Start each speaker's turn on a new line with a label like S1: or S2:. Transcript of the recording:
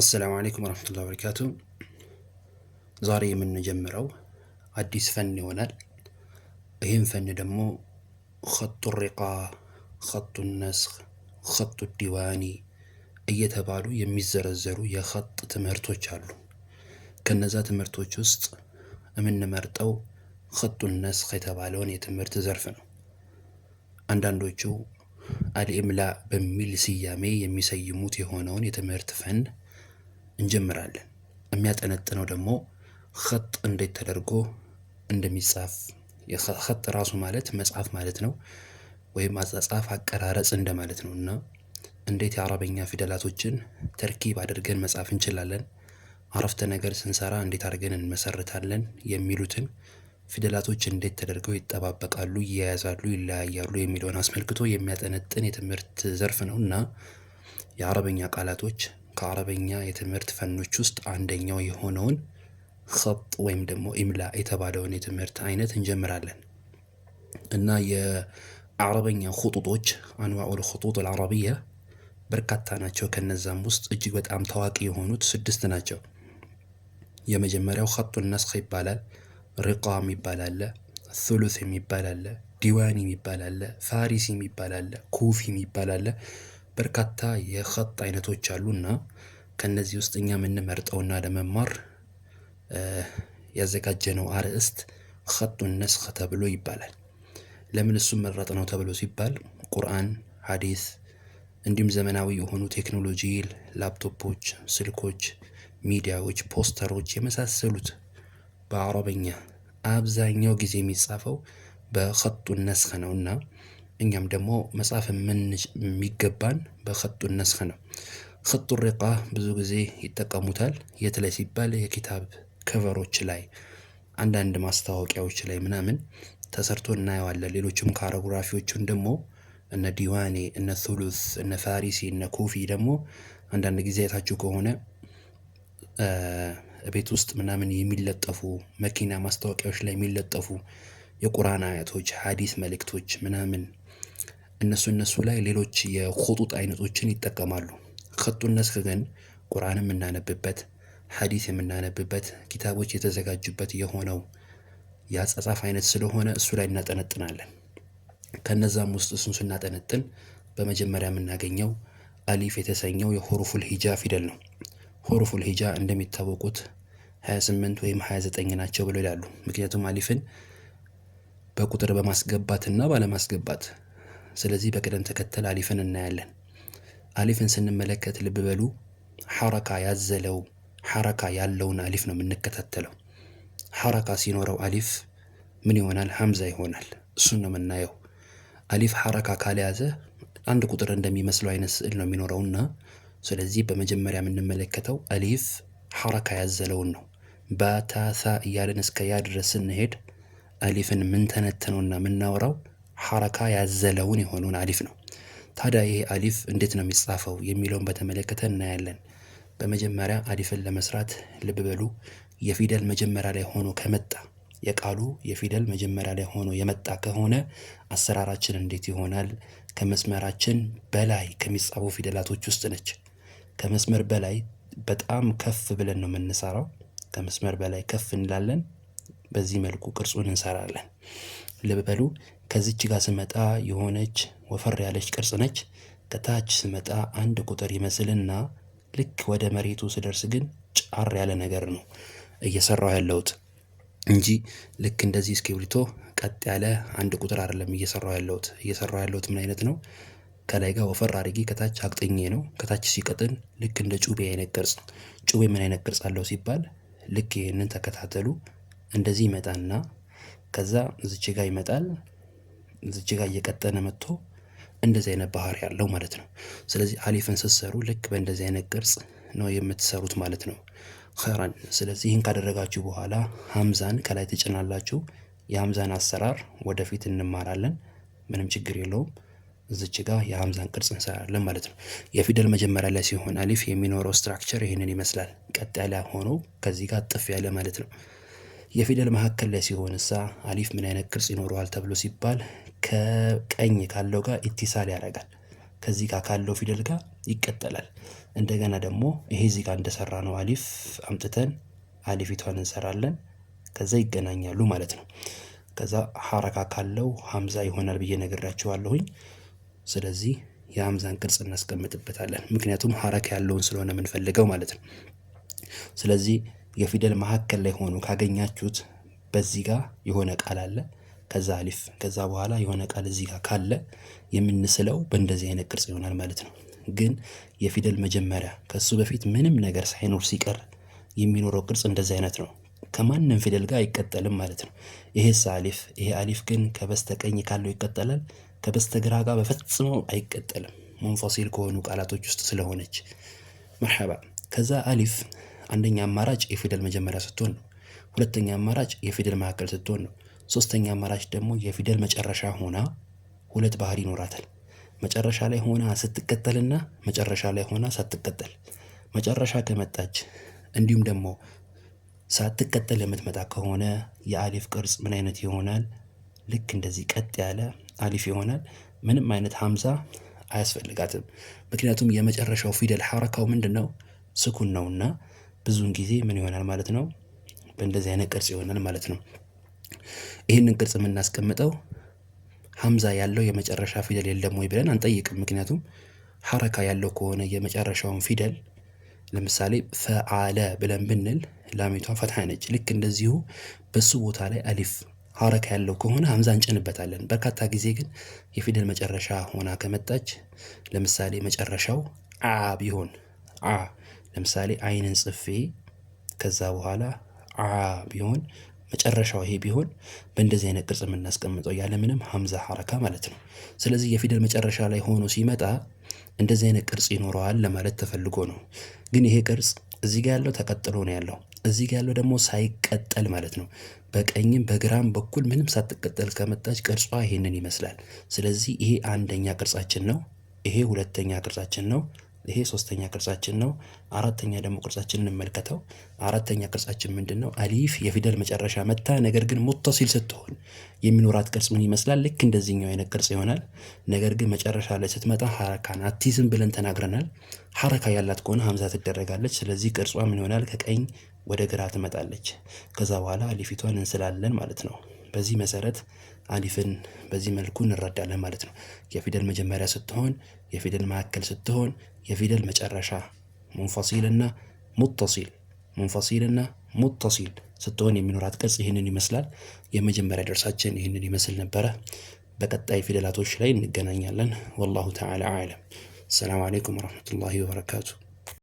S1: አሰላሙ አለይኩም ወረሕመቱላሂ ወበረካቱ። ዛሬ የምንጀምረው አዲስ ፈን ይሆናል። ይህም ፈን ደግሞ ኸጡ ሪቃ፣ ኸጡ ነስኽ፣ ኸጡ ዲዋኒ እየተባሉ የሚዘረዘሩ የኸጥ ትምህርቶች አሉ። ከነዛ ትምህርቶች ውስጥ የምንመርጠው ኸጡ ነስኽ የተባለውን የትምህርት ዘርፍ ነው። አንዳንዶቹ አልኢምላ በሚል ስያሜ የሚሰይሙት የሆነውን የትምህርት ፈን እንጀምራለን። የሚያጠነጥነው ደግሞ ኸጥ እንዴት ተደርጎ እንደሚጻፍ ኸጥ ራሱ ማለት መጽሐፍ ማለት ነው፣ ወይም አጻጻፍ አቀራረጽ እንደማለት ነው እና እንዴት የአረበኛ ፊደላቶችን ተርኪብ አድርገን መጻፍ እንችላለን፣ አረፍተ ነገር ስንሰራ እንዴት አድርገን እንመሰርታለን የሚሉትን ፊደላቶች እንዴት ተደርገው ይጠባበቃሉ፣ ይያያዛሉ፣ ይለያያሉ የሚለውን አስመልክቶ የሚያጠነጥን የትምህርት ዘርፍ ነው እና የአረበኛ ቃላቶች ከአረበኛ የትምህርት ፈኖች ውስጥ አንደኛው የሆነውን ኸጥ ወይም ደግሞ ኢምላ የተባለውን የትምህርት አይነት እንጀምራለን እና የአረበኛ ኹጡጦች አንዋዑል ኹጡጥ አልዓረቢያ በርካታ ናቸው። ከነዛም ውስጥ እጅግ በጣም ታዋቂ የሆኑት ስድስት ናቸው። የመጀመሪያው ኸጡ ነስኽ ይባላል። ሪቃም ይባላለ፣ ሱሉስ የሚባላለ፣ ዲዋኒም ይባላለ፣ ፋሪሲም ይባላለ፣ ኩፊም ይባላለ በርካታ የኸጥ አይነቶች እና ከእነዚህ ውስጥ እኛ የምንመርጠውና ለመማር ያዘጋጀነው አርዕስት ኸጡ ነስኽ ተብሎ ይባላል። ለምን እሱም መረጥ ነው ተብሎ ሲባል ቁርአን፣ ሐዲስ እንዲሁም ዘመናዊ የሆኑ ቴክኖሎጂ፣ ላፕቶፖች፣ ስልኮች፣ ሚዲያዎች፣ ፖስተሮች የመሳሰሉት በአረበኛ አብዛኛው ጊዜ የሚጻፈው በኸጡን ነስኽ ነውና እኛም ደግሞ መጻፍ የሚገባን በከጡ ነስኽ ነው። ኸጡ ሪቃ ብዙ ጊዜ ይጠቀሙታል። የት ላይ ሲባል የኪታብ ከቨሮች ላይ አንዳንድ ማስታወቂያዎች ላይ ምናምን ተሰርቶ እናየዋለን። ሌሎችም ካሮግራፊዎቹን ደግሞ እነ ዲዋኔ፣ እነ ሱሉስ፣ እነ ፋሪሲ፣ እነ ኩፊ ደግሞ አንዳንድ ጊዜ አይታችሁ ከሆነ ቤት ውስጥ ምናምን የሚለጠፉ መኪና ማስታወቂያዎች ላይ የሚለጠፉ የቁርአን አያቶች፣ ሀዲስ መልእክቶች ምናምን እነሱ እነሱ ላይ ሌሎች የኹጡጥ አይነቶችን ይጠቀማሉ። ኸጡ ነስክ ግን ቁርአን የምናነብበት ሐዲስ የምናነብበት ኪታቦች የተዘጋጁበት የሆነው የአጻጻፍ አይነት ስለሆነ እሱ ላይ እናጠነጥናለን። ከነዛም ውስጥ እሱን ስናጠነጥን በመጀመሪያ የምናገኘው አሊፍ የተሰኘው የሁሩፉል ሂጃ ፊደል ነው። ሁሩፉል ሂጃ እንደሚታወቁት 28 ወይም 29 ናቸው ብለው ይላሉ። ምክንያቱም አሊፍን በቁጥር በማስገባትና ባለማስገባት ስለዚህ በቅደም ተከተል አሊፍን እናያለን። አሊፍን ስንመለከት ልብ በሉ ሐረካ ያዘለው ሐረካ ያለውን አሊፍ ነው የምንከታተለው። ሐረካ ሲኖረው አሊፍ ምን ይሆናል? ሐምዛ ይሆናል። እሱን ነው የምናየው። አሊፍ ሐረካ ካልያዘ አንድ ቁጥር እንደሚመስለው አይነት ስዕል ነው የሚኖረውና ስለዚህ በመጀመሪያ የምንመለከተው አሊፍ ሐረካ ያዘለውን ነው። ባታሳ እያለን እስከ ያ ድረስ ስንሄድ አሊፍን ምን ምንተነትነውና ምናወራው ሐረካ ያዘለውን የሆነውን አሊፍ ነው። ታዲያ ይህ አሊፍ እንዴት ነው የሚጻፈው የሚለውን በተመለከተ እናያለን። በመጀመሪያ አሊፍን ለመስራት ልብ በሉ፣ የፊደል መጀመሪያ ላይ ሆኖ ከመጣ የቃሉ የፊደል መጀመሪያ ላይ ሆኖ የመጣ ከሆነ አሰራራችን እንዴት ይሆናል? ከመስመራችን በላይ ከሚጻፉ ፊደላቶች ውስጥ ነች። ከመስመር በላይ በጣም ከፍ ብለን ነው የምንሰራው። ከመስመር በላይ ከፍ እንላለን። በዚህ መልኩ ቅርጹን እንሰራለን። ልበሉ ከዚች ጋር ስመጣ የሆነች ወፈር ያለች ቅርጽ ነች። ከታች ስመጣ አንድ ቁጥር ይመስልና ልክ ወደ መሬቱ ስደርስ ግን ጫር ያለ ነገር ነው እየሰራሁ ያለሁት እንጂ ልክ እንደዚህ እስክሪብቶ ቀጥ ያለ አንድ ቁጥር አይደለም እየሰራሁ ያለሁት። እየሰራሁ ያለሁት ምን አይነት ነው? ከላይ ጋር ወፈር አድርጌ ከታች አቅጥኜ ነው። ከታች ሲቀጥን ልክ እንደ ጩቤ አይነት ቅርጽ። ጩቤ ምን አይነት ቅርጽ አለው ሲባል ልክ ይህንን ተከታተሉ። እንደዚህ ይመጣና ከዛ እዚች ጋ ይመጣል እዚች ጋ እየቀጠነ መጥቶ እንደዚህ አይነት ባህሪ ያለው ማለት ነው። ስለዚህ አሊፍን ስትሰሩ ልክ በእንደዚህ አይነት ቅርጽ ነው የምትሰሩት ማለት ነው። ኸይራን ስለዚህ ይህን ካደረጋችሁ በኋላ ሀምዛን ከላይ ትጭናላችሁ። የሀምዛን አሰራር ወደፊት እንማራለን። ምንም ችግር የለውም። እዚች ጋ የሀምዛን ቅርጽ እንሰራለን ማለት ነው። የፊደል መጀመሪያ ላይ ሲሆን አሊፍ የሚኖረው ስትራክቸር ይህንን ይመስላል። ቀጥ ያለ ሆኖ ከዚህ ጋር ጥፍ ያለ ማለት ነው። የፊደል መካከል ላይ ሲሆንሳ አሊፍ ምን አይነት ቅርጽ ይኖረዋል ተብሎ ሲባል ከቀኝ ካለው ጋር ኢትሳል ያደርጋል። ከዚህ ጋር ካለው ፊደል ጋር ይቀጠላል። እንደገና ደግሞ ይሄ እዚህ ጋር እንደሰራ ነው አሊፍ አምጥተን አሊፊቷን እንሰራለን። ከዛ ይገናኛሉ ማለት ነው። ከዛ ሀረካ ካለው ሀምዛ ይሆናል ብዬ ነግራችኋለሁኝ። ስለዚህ የሀምዛን ቅርጽ እናስቀምጥበታለን። ምክንያቱም ሀረካ ያለውን ስለሆነ የምንፈልገው ማለት ነው። ስለዚህ የፊደል መካከል ላይ ሆኖ ካገኛችሁት በዚህ ጋር የሆነ ቃል አለ ከዛ አሊፍ ከዛ በኋላ የሆነ ቃል እዚህ ጋር ካለ የምንስለው በእንደዚህ አይነት ቅርጽ ይሆናል ማለት ነው። ግን የፊደል መጀመሪያ ከሱ በፊት ምንም ነገር ሳይኖር ሲቀር የሚኖረው ቅርጽ እንደዚህ አይነት ነው። ከማንም ፊደል ጋር አይቀጠልም ማለት ነው። ሳ አሊፍ ይሄ አሊፍ ግን ከበስተቀኝ ካለው ይቀጠላል፣ ከበስተግራ ጋር በፈጽሞ አይቀጠልም። መንፈሲል ከሆኑ ቃላቶች ውስጥ ስለሆነች መርሐባ ከዛ አሊፍ አንደኛ አማራጭ የፊደል መጀመሪያ ስትሆን ነው። ሁለተኛ አማራጭ የፊደል መካከል ስትሆን ነው። ሶስተኛ አማራጭ ደግሞ የፊደል መጨረሻ ሆና ሁለት ባህሪ ይኖራታል። መጨረሻ ላይ ሆና ስትቀጠልና መጨረሻ ላይ ሆና ሳትቀጠል። መጨረሻ ከመጣች እንዲሁም ደግሞ ሳትቀጠል የምትመጣ ከሆነ የአሊፍ ቅርጽ ምን አይነት ይሆናል? ልክ እንደዚህ ቀጥ ያለ አሊፍ ይሆናል። ምንም አይነት ሀምዛ አያስፈልጋትም። ምክንያቱም የመጨረሻው ፊደል ሐረካው ምንድን ነው? ስኩን ነውና ብዙውን ጊዜ ምን ይሆናል ማለት ነው? በእንደዚህ አይነት ቅርጽ ይሆናል ማለት ነው። ይህንን ቅርጽ የምናስቀምጠው ሀምዛ ያለው የመጨረሻ ፊደል የለም ወይ ብለን አንጠይቅም። ምክንያቱም ሀረካ ያለው ከሆነ የመጨረሻውን ፊደል ለምሳሌ ፈአለ ብለን ብንል ላሚቷ ፈትሐ ነች። ልክ እንደዚሁ በሱ ቦታ ላይ አሊፍ ሀረካ ያለው ከሆነ ሀምዛ እንጭንበታለን። በርካታ ጊዜ ግን የፊደል መጨረሻ ሆና ከመጣች ለምሳሌ መጨረሻው አ ቢሆን አ ለምሳሌ አይንን ጽፌ ከዛ በኋላ አ ቢሆን መጨረሻው ይሄ ቢሆን በእንደዚህ አይነት ቅርጽ የምናስቀምጠው ያለምንም ሀምዛ ሐረካ ማለት ነው። ስለዚህ የፊደል መጨረሻ ላይ ሆኖ ሲመጣ እንደዚህ አይነት ቅርጽ ይኖረዋል ለማለት ተፈልጎ ነው። ግን ይሄ ቅርጽ እዚህ ጋር ያለው ተቀጥሎ ነው ያለው። እዚህ ጋር ያለው ደግሞ ሳይቀጠል ማለት ነው። በቀኝም በግራም በኩል ምንም ሳትቀጠል ከመጣች ቅርጿ ይሄንን ይመስላል። ስለዚህ ይሄ አንደኛ ቅርጻችን ነው። ይሄ ሁለተኛ ቅርጻችን ነው። ይሄ ሶስተኛ ቅርጻችን ነው። አራተኛ ደግሞ ቅርጻችን እንመልከተው። አራተኛ ቅርጻችን ምንድን ነው? አሊፍ የፊደል መጨረሻ መታ፣ ነገር ግን ሙተሲል ስትሆን የሚኖራት ቅርጽ ምን ይመስላል? ልክ እንደዚህኛው አይነት ቅርጽ ይሆናል። ነገር ግን መጨረሻ ላይ ስትመጣ ሐረካን አትይዝም ብለን ተናግረናል። ሐረካ ያላት ከሆነ ሀምዛ ትደረጋለች። ስለዚህ ቅርጿ ምን ይሆናል? ከቀኝ ወደ ግራ ትመጣለች። ከዛ በኋላ አሊፊቷን እንስላለን ማለት ነው። በዚህ መሰረት አሊፍን በዚህ መልኩ እንረዳለን ማለት ነው። የፊደል መጀመሪያ ስትሆን፣ የፊደል መካከል ስትሆን የፊደል መጨረሻ ሙንፈሲልና ሙተሲል ሙንፈሲልና ሙተሲል ስትሆን የሚኖራት ቅርጽ ይህንን ይመስላል። የመጀመሪያ ደርሳችን ይህንን ይመስል ነበረ። በቀጣይ ፊደላቶች ላይ እንገናኛለን። ወላሁ ተዓላ አዕለም። ሰላም አሌይኩም ወረሕመቱላሂ ወበረካቱ።